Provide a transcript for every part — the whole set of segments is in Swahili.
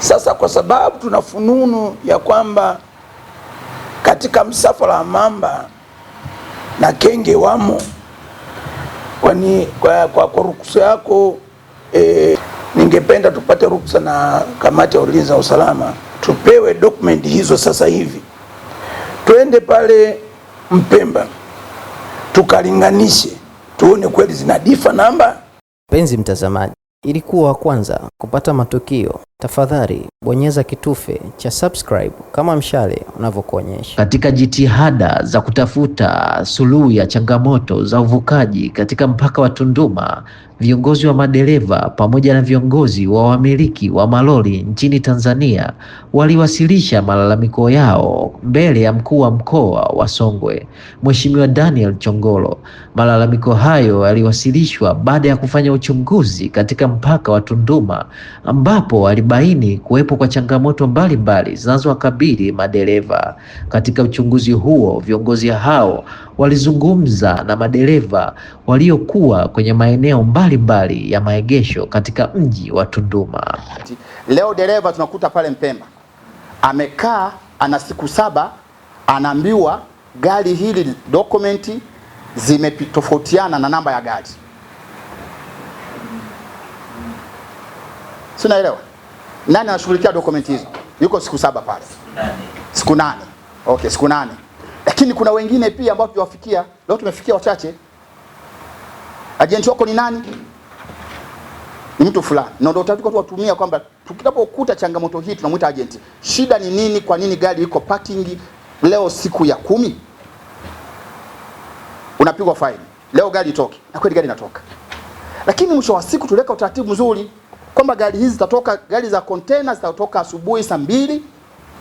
Sasa kwa sababu tuna fununu ya kwamba katika msafara wa mamba na kenge wamo, kwani kwa, kwa, kwa ruhusa yako e, ningependa tupate ruhusa na kamati ya ulinzi na usalama tupewe dokumenti hizo sasa hivi, twende pale Mpemba tukalinganishe tuone kweli zinadifa namba. Mpenzi mtazamaji ili kuwa wa kwanza kupata matukio, tafadhali bonyeza kitufe cha subscribe kama mshale unavyokuonyesha. Katika jitihada za kutafuta suluhu ya changamoto za uvukaji katika mpaka wa Tunduma, viongozi wa madereva pamoja na viongozi wa wamiliki wa malori nchini Tanzania waliwasilisha malalamiko yao mbele ya mkuu wa mkoa wa Songwe, Mheshimiwa Daniel Chongolo. Malalamiko hayo yaliwasilishwa baada ya kufanya uchunguzi katika mpaka wa Tunduma, ambapo walibaini kuwepo kwa changamoto mbalimbali zinazowakabili madereva. Katika uchunguzi huo, viongozi hao walizungumza na madereva waliokuwa kwenye maeneo mbali mbalimbali ya maegesho katika mji wa Tunduma. Leo dereva tunakuta pale Mpemba amekaa, ana siku saba, anaambiwa gari hili dokumenti zimetofautiana na namba ya gari, si unaelewa? Nani anashughulikia dokumenti hizo? Yuko siku saba pale, siku nane. Okay, siku nane, lakini kuna wengine pia ambao tuwafikia leo, tumefikia wachache. Ajenti wako ni nani? Ni mtu fulani. Na ndio utaratibu tunatumia kwamba tukitapokuta changamoto hii tunamuita ajenti. Shida ni nini? Kwa nini gari iko parking leo siku ya kumi? Unapigwa faini. Leo gari itoke. Na kweli gari inatoka. Lakini mwisho wa siku tuliweka utaratibu mzuri kwamba gari hizi zitatoka, gari za container zitatoka asubuhi saa mbili,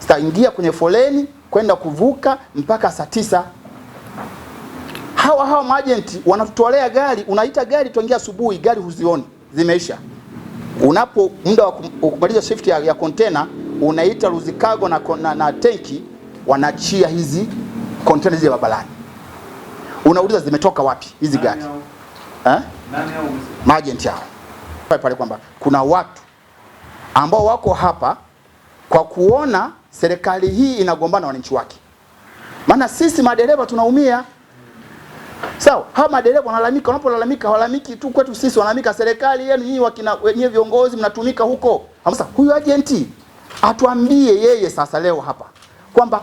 zitaingia kwenye foleni kwenda kuvuka mpaka saa tisa hawa hawa maajenti wanatutolea gari, unaita gari tuingia asubuhi, gari huzioni, zimeisha. Unapo muda wa kumaliza shift ya, ya container unaita ruzikago na, na, na tenki wanachia hizi container zile babalani, unauliza zimetoka wapi hizi gari eh? Maajenti hao pale kwamba kuna watu ambao wako hapa kwa kuona serikali hii inagombana wananchi wake, maana sisi madereva tunaumia. Sawa, hawa madereva wanalalamika, wanapolalamika walalamiki tu kwetu sisi, wanalamika serikali yenu nyinyi, wakina wenyewe viongozi mnatumika huko. Hamsa, huyu agenti atuambie yeye sasa leo hapa kwamba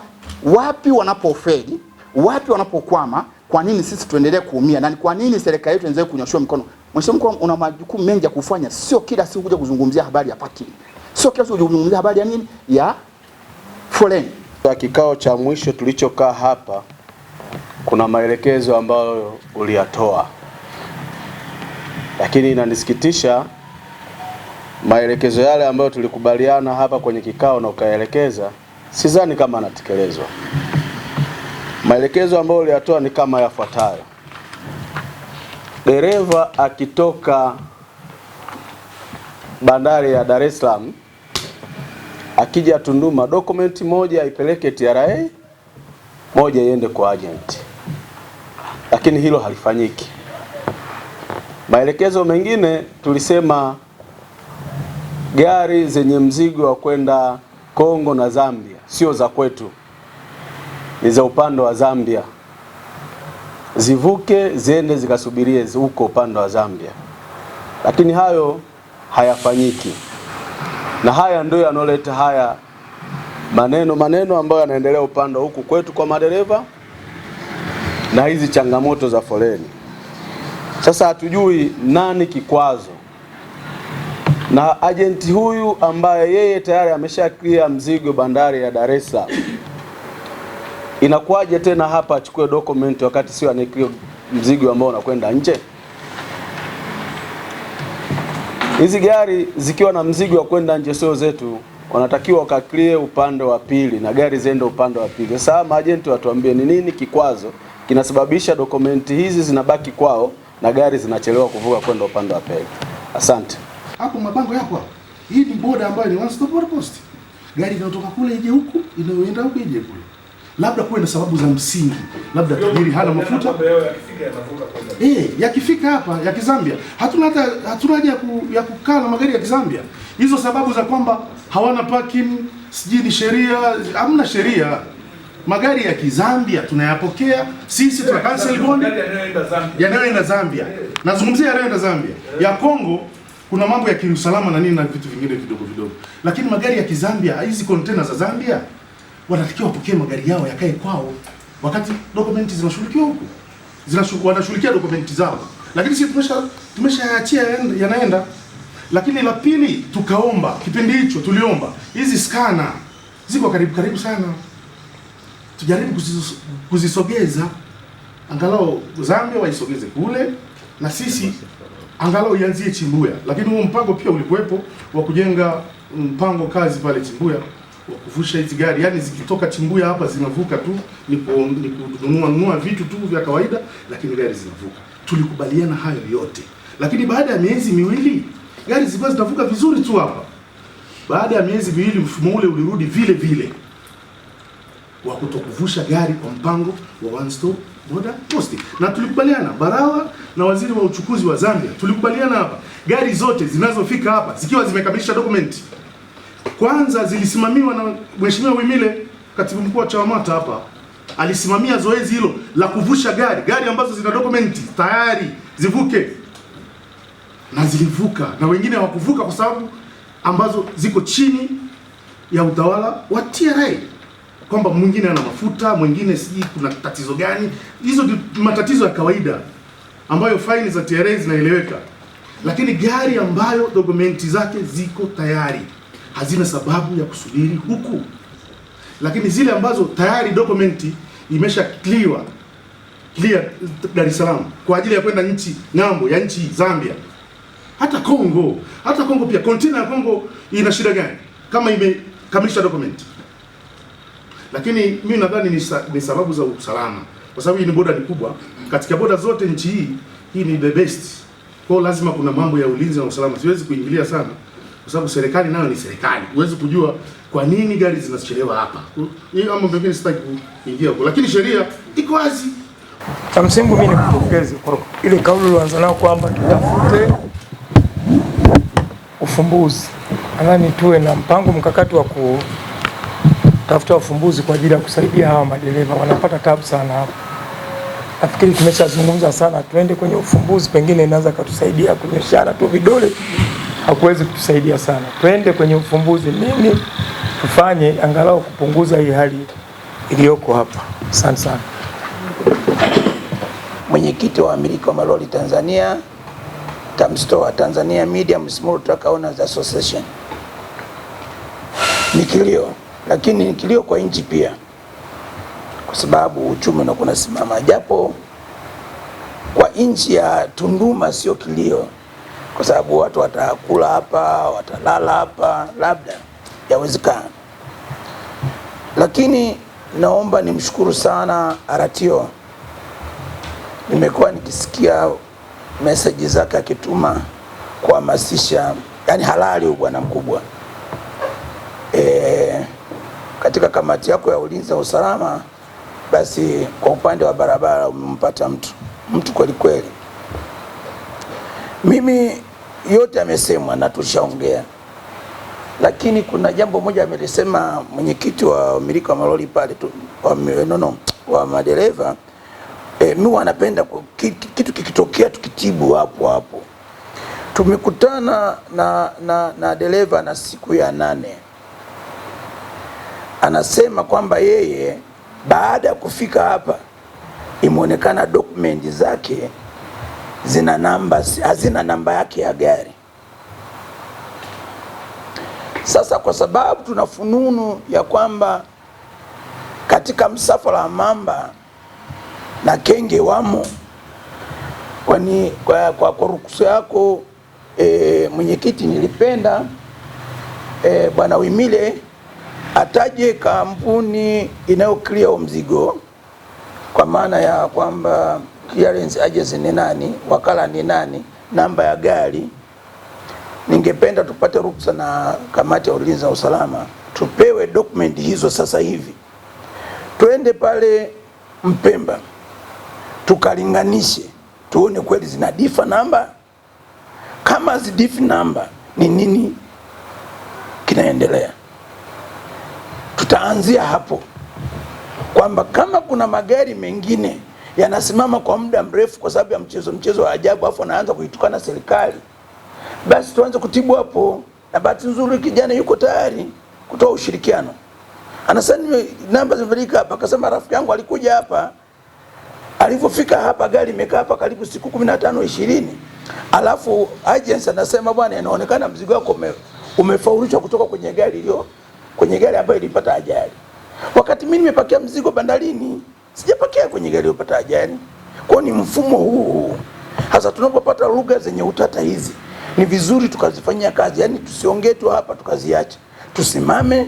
wapi wanapofeli, wapi wanapokwama, kwa nini sisi tuendelee kuumia na kwa nini serikali yetu endelee kunyoshwa mkono. Mheshimiwa Mkuu, una majukumu mengi ya kufanya, sio kila siku kuja kuzungumzia habari ya parking, sio kila siku kuzungumzia habari ya nini ya foleni. Kwa kikao cha mwisho tulichokaa hapa kuna maelekezo ambayo uliyatoa, lakini inanisikitisha maelekezo yale ambayo tulikubaliana hapa kwenye kikao na ukaelekeza, sidhani kama anatekelezwa. Maelekezo ambayo uliyatoa ni kama yafuatayo: dereva akitoka bandari ya Dar es Salaam akija Tunduma, dokumenti moja aipeleke TRA, moja iende kwa agenti lakini hilo halifanyiki. Maelekezo mengine tulisema gari zenye mzigo wa kwenda Kongo na Zambia sio za kwetu, ni za upande wa Zambia, zivuke ziende zikasubirie huko upande wa Zambia, lakini hayo hayafanyiki, na haya ndio yanoleta haya maneno maneno ambayo yanaendelea upande wa huku kwetu kwa madereva na hizi changamoto za foleni. Sasa hatujui nani kikwazo, na ajenti huyu ambaye yeye tayari ameshaklia mzigo bandari ya Dar es Salaam, inakuwaje tena hapa achukue document wakati sio anaklia mzigo ambao unakwenda nje? Hizi gari zikiwa na mzigo wa kwenda nje sio zetu, wanatakiwa wakaklie upande wa pili na gari ziende upande wa pili. Sasa maajenti watuambie ni nini kikwazo kinasababisha dokumenti hizi zinabaki kwao na gari zinachelewa kuvuka kwenda upande wa pili. Asante. Hapo mabango yako hapo. Hii ni boda ambayo ni one stop border post. Gari inayotoka kule ije huku, inayoenda huku ije kule. Labda kuwe na sababu za msingi, labda tajiri hana mafuta. Eh, yakifika hapa ya Kizambia, hatuna hata hatuna haja ya kukaa na magari ya Kizambia. Hizo sababu za kwamba hawana parking, sijui ni sheria, hamna sheria magari ya Kizambia tunayapokea sisi, tuna eh, cancel bond yanayoenda Zambia. Eh. Nazungumzia yanayoenda Zambia eh. ya Kongo kuna mambo ya kiusalama na nini na vitu vingine vidogo vidogo, lakini magari ya Kizambia, hizi container za Zambia, wanatakiwa wapokee magari yao yakae kwao, wakati dokumenti zinashughulikiwa huko, wanashughulikia dokumenti zao, lakini sisi tumesha tumeshaachia yanaenda. Lakini la pili, tukaomba kipindi hicho, tuliomba hizi skana ziko karibu karibu sana tujaribu kuzisogeza angalau Zambia waisogeze kule na sisi angalau ianzie Chimbuya. Lakini huo mpango pia ulikuwepo wa kujenga mpango kazi pale Chimbuya wa kuvusha hizi gari, yaani zikitoka Chimbuya hapa zinavuka tu, ni kununua nunua vitu tu vya kawaida, lakini gari zinavuka. Tulikubaliana hayo yote, lakini baada ya miezi miwili gari zilikuwa zinavuka vizuri tu hapa. Baada ya miezi miwili mfumo ule ulirudi vile vile wa kutokuvusha gari kwa mpango wa one stop border post, na tulikubaliana Barawa na waziri wa uchukuzi wa Zambia, tulikubaliana hapa, gari zote zinazofika hapa zikiwa zimekamilisha document kwanza zilisimamiwa na Mheshimiwa Wimile, katibu mkuu wa CHAWAMATA hapa alisimamia zoezi hilo la kuvusha gari gari ambazo zina document tayari zivuke, na zilivuka, na wengine hawakuvuka kwa sababu ambazo ziko chini ya utawala wa TRA kwamba mwingine ana mafuta, mwingine sijui kuna tatizo gani. Hizo matatizo ya kawaida ambayo faini za TRA zinaeleweka, lakini gari ambayo dokumenti zake ziko tayari hazina sababu ya kusubiri huku, lakini zile ambazo tayari dokumenti imesha clear clear Dar es Salaam kwa ajili ya kwenda nchi ng'ambo ya nchi Zambia, hata Kongo, hata Kongo pia. Container ya Kongo ina shida gani kama imekamilisha dokumenti? lakini mimi nadhani ni, sa, ni sababu za usalama, kwa sababu hii ni boda ni kubwa katika boda zote nchi hii, hii ni the best. Kwa lazima kuna mambo ya ulinzi na usalama, siwezi kuingilia sana kwa sababu serikali nayo ni serikali, huwezi kujua kwa nini gari zinachelewa hapa. Hii mambo mengine sitaki kuingia huko, lakini sheria iko wazi. Cha msingi mimi nikupongeze kwa ile kauli ulianza nayo kwamba tutafute ufumbuzi, nadhani tuwe na mpango mkakati wa ku kutafuta ufumbuzi kwa ajili ya kusaidia hawa madereva, wanapata tabu sana hapa. Nafikiri tumeshazungumza sana, tuende kwenye ufumbuzi, pengine inaweza katusaidia. Kunyeshana tu vidole hakuwezi kutusaidia sana, tuende kwenye ufumbuzi, nini tufanye angalau kupunguza hii hali iliyoko hapa. Asante sana. Mwenyekiti wa wamiliki wa malori Tanzania TAMSTOA, Tanzania Medium Small Truck Owners Association. Ni kilio lakini ni kilio kwa nchi pia, kwa sababu uchumi unakuwa unasimama, japo kwa nchi ya Tunduma sio kilio, kwa sababu watu watakula hapa, watalala hapa, labda yawezekana. Lakini naomba nimshukuru sana Aratio, nimekuwa nikisikia meseji zake akituma kuhamasisha, yani halali huyu bwana mkubwa e, katika kamati yako ya ulinzi na usalama, basi kwa upande wa barabara umempata mtu mtu kweli kweli. Mimi yote amesemwa na tushaongea, lakini kuna jambo moja amelisema mwenyekiti wa umiliki wa malori pale tu wa, nono, wa madereva e, mi wanapenda kitu kikitokea tukitibu hapo hapo. Tumekutana na, na, na dereva na siku ya nane anasema kwamba yeye baada ya kufika hapa imeonekana dokumenti zake zina namba, hazina namba yake ya gari. Sasa kwa sababu tuna fununu ya kwamba katika msafara wa mamba na kenge wamo, kwani kwa, kwa, kwa ruhusa yako e, mwenyekiti, nilipenda e, bwana Wimile ataje kampuni inayoklia mzigo kwa maana ya kwamba clearance agency ni nani, wakala ni nani, namba ya gari. Ningependa tupate ruksa na kamati ya ulinzi na usalama, tupewe document hizo sasa hivi, twende pale Mpemba tukalinganishe, tuone kweli zina difa namba. Kama zidifi namba, ni nini kinaendelea? Tutaanzia hapo kwamba kama kuna magari mengine yanasimama kwa muda mrefu kwa sababu ya mchezo mchezo wa ajabu, afu anaanza kuitukana serikali, basi tuanze kutibu hapo. Na bahati nzuri kijana yuko tayari kutoa ushirikiano. Anasema namba zimefika hapa, akasema rafiki yangu alikuja hapa, alivyofika hapa gari imekaa hapa karibu siku 15 20, alafu agency anasema bwana, inaonekana mzigo wako umefaulishwa kutoka kwenye gari iliyo kwenye gari ambayo ilipata ajali, wakati mimi nimepakia mzigo bandarini, sijapakia kwenye gari iliyopata ajali. Kwa ni mfumo huu hasa, tunapopata lugha zenye utata hizi ni vizuri tukazifanyia kazi, yaani tusiongee tu hapa tukaziacha, tusimame.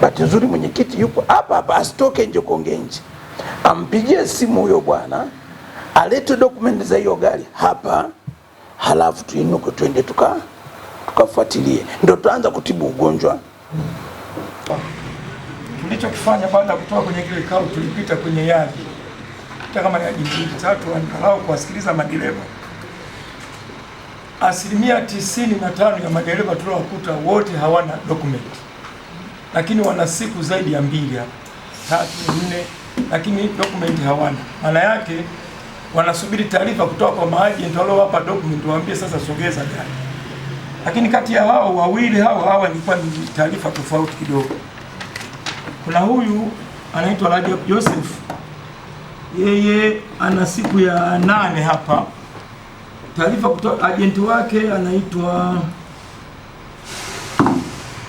Bahati nzuri mwenyekiti yupo hapa hapa, asitoke nje kuongea nje, ampigie simu huyo bwana alete dokumenti za hiyo gari hapa, halafu tuinuke twende tuka tukafuatilie, ndio tutaanza kutibu ugonjwa Tulichokifanya baada ya kutoka kwenye kile kikao, tulipita kwenye yadi hata kama ni ajili tatu, angalau kuwasikiliza madereva. Asilimia tisini na tano ya madereva tuliowakuta wote hawana document, lakini wana siku zaidi ya mbili hapa tatu nne, lakini document hawana. Maana yake wanasubiri taarifa kutoka kwa maajenti waliowapa document, waambie sasa sogeza gari lakini kati ya hao wawili hao hawa ilikuwa ni taarifa tofauti kidogo. Kuna huyu anaitwa Rajab Joseph, yeye ana siku ya nane hapa, taarifa kutoka ajenti wake anaitwa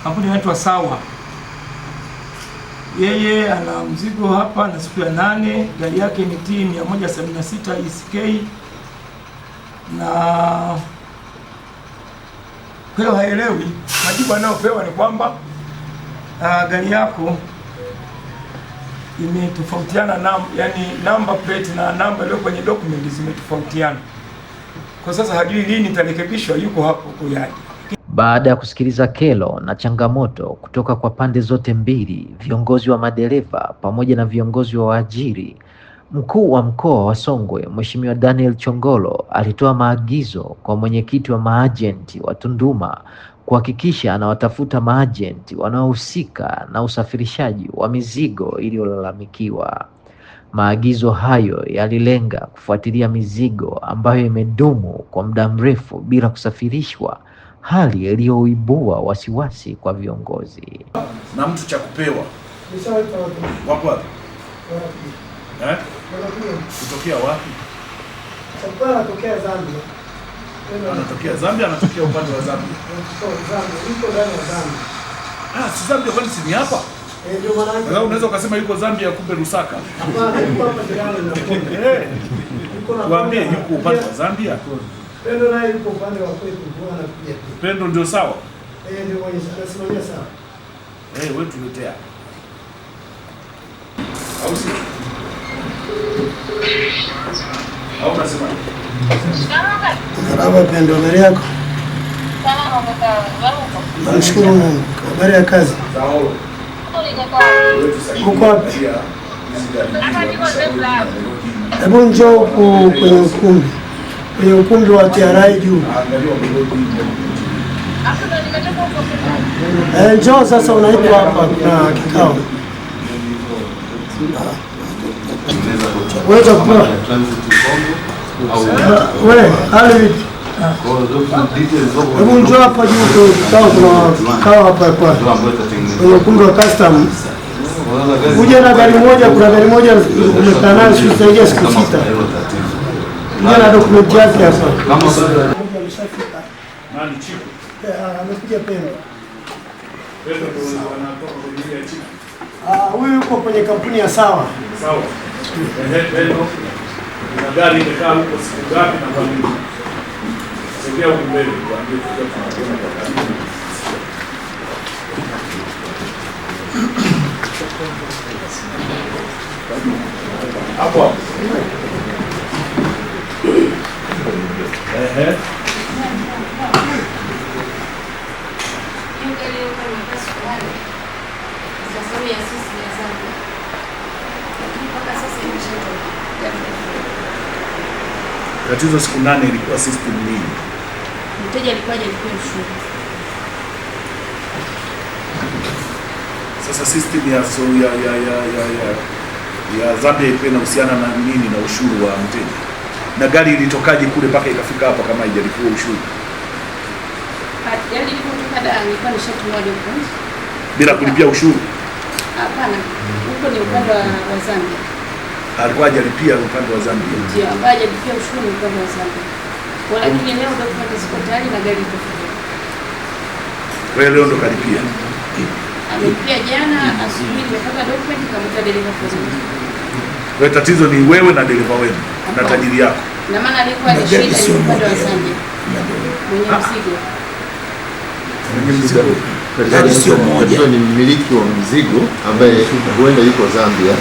kampuni inaitwa Sawa, yeye ana mzigo hapa na siku ya nane, gari yake ni T 176 ECK na kwa hiyo haelewi. Majibu anayopewa ni kwamba uh, gari yako imetofautiana nam, yani number plate na namba iliyo kwenye document zimetofautiana. Kwa sasa hajui lini itarekebishwa, yuko hapo kuyaji. Baada ya kusikiliza kero na changamoto kutoka kwa pande zote mbili, viongozi wa madereva pamoja na viongozi wa waajiri Mkuu wa Mkoa wa Songwe Mheshimiwa Daniel Chongolo alitoa maagizo kwa mwenyekiti wa maajenti wa Tunduma kuhakikisha anawatafuta maajenti wanaohusika na usafirishaji wa mizigo iliyolalamikiwa. Maagizo hayo yalilenga kufuatilia mizigo ambayo imedumu kwa muda mrefu bila kusafirishwa, hali iliyoibua wasiwasi kwa viongozi. Na mtu cha kupewa wapo wapi? Eh? Kutokea wapi? anatokea Zambia. Anatokea Zambia, anatokea upande wa Zambia. Eh, Zambia, yuko ndani ya Zambia. Ah, si Zambia kwani si ni hapa? Eh, unaweza ukasema yuko Zambia kumbe Lusaka. Hapana, eh. yuko upande wa Zambia. Pendo naye yuko upande wa kwetu, Pendo ndio sawa? Eh, sawa. Eh, wewe tuletea. Au sio? au unasema Marhaba, habari yako? Namshukuru Mungu. Habari ya kazi? Uko wapi? Hebu njoo huku kwenye ukumbi, kwenye ukumbi wa TRI juu. Eh, njoo sasa, unaitwa hapa, kuna kikao unaweza kupewa wewe hali Hebu njoo hapa juu tu, sawa, kuna kawa hapa kwa kwenye ukumbi wa custom. uje na gari moja, kuna gari moja umekaa nayo siku zaidi ya siku sita. uje na dokumenti yake hapa. Eh, ah, amekuja Pemba. Ah, huyu yuko kwenye kampuni ya sawa sawa. Na gari imekaa huko siku ngapi na kwa nini? huko mbele kwa Hapo hapo. tatizo siku nane ilikuwa system nini? Mteja alikuwa hajalipia ushuru. Sasa system ya so ya ya ya ya ya ya Zambia ilikuwa inahusiana na nini na ushuru wa mteja? Na gari ilitokaje kule mpaka ikafika hapa kama haijalipia ushuru? Yaani ilikutoka da ilikuwa ni leo. moja bila kulipia ushuru. Hapana. Huko ni upande wa Zambia alikuwa hajalipia upande wa Zambia, ndio hajalipia ushuru upande wa Zambia, lakini leo ndio kwa siko tayari na gari tofauti. Wewe leo ndo kalipia, amelipia jana asubuhi, nimepata document nikamwita dereva kwa Zambia. Wewe tatizo ni wewe na dereva wenu na tajiri yako, na maana alikuwa ni shida ni upande wa Zambia mwenye ah. mzigo, mwenye mzigo gari sio moja. Ni mmiliki wa mzigo ambaye huenda yuko Zambia,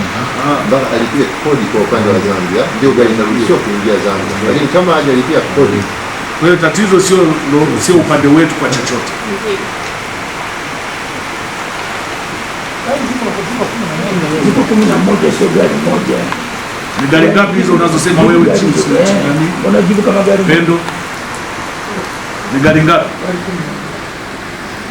mpaka alipia kodi kwa upande wa Zambia, ndio gari inaruhusiwa kuingia Zambia, lakini kama hajalipia kodi. Kwa hiyo tatizo sio sio upande wetu kwa chochote. Ni gari ngapi hizo unazosema wewe? Pendo, ni gari ngapi?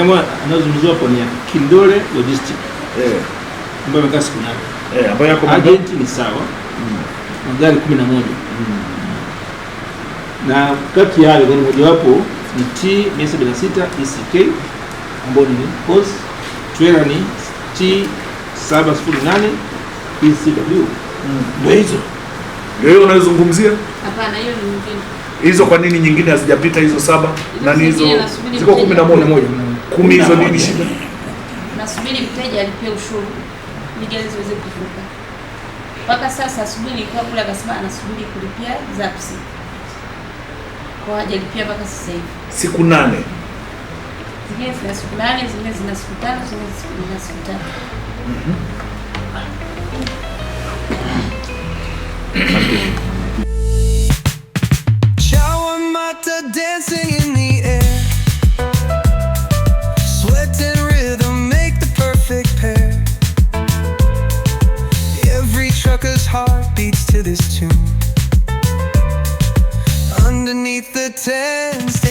ambayo hapo ni Kindole Logistic eh. ambayo imekaa siku nane, eh, yako agent ni sawa magari mm. na mm. na kati ya hayo gari mojawapo ni T 176 ECK ambayo ni trailer ni T 708 ECW. Mm. Ndio hizo ndio hiyo unayozungumzia? Hapana, hiyo ni nyingine. Hizo kwa nini nyingine hazijapita hizo saba na hizo ziko kumi na moja moja kumi hizo nini shida? Nasubiri mteja alipe ushuru ili gari ziweze kufunguka. Mpaka sasa asubuhi nilikuwa kule, akasema anasubiri kulipia zapsi Kwa hajalipia mpaka sasa hivi. Siku nane. Zingine zina siku nane, zingine zina siku tano, zingine zina siku tano Mhm. Chawamata heart beats to this tune. Underneath the tents.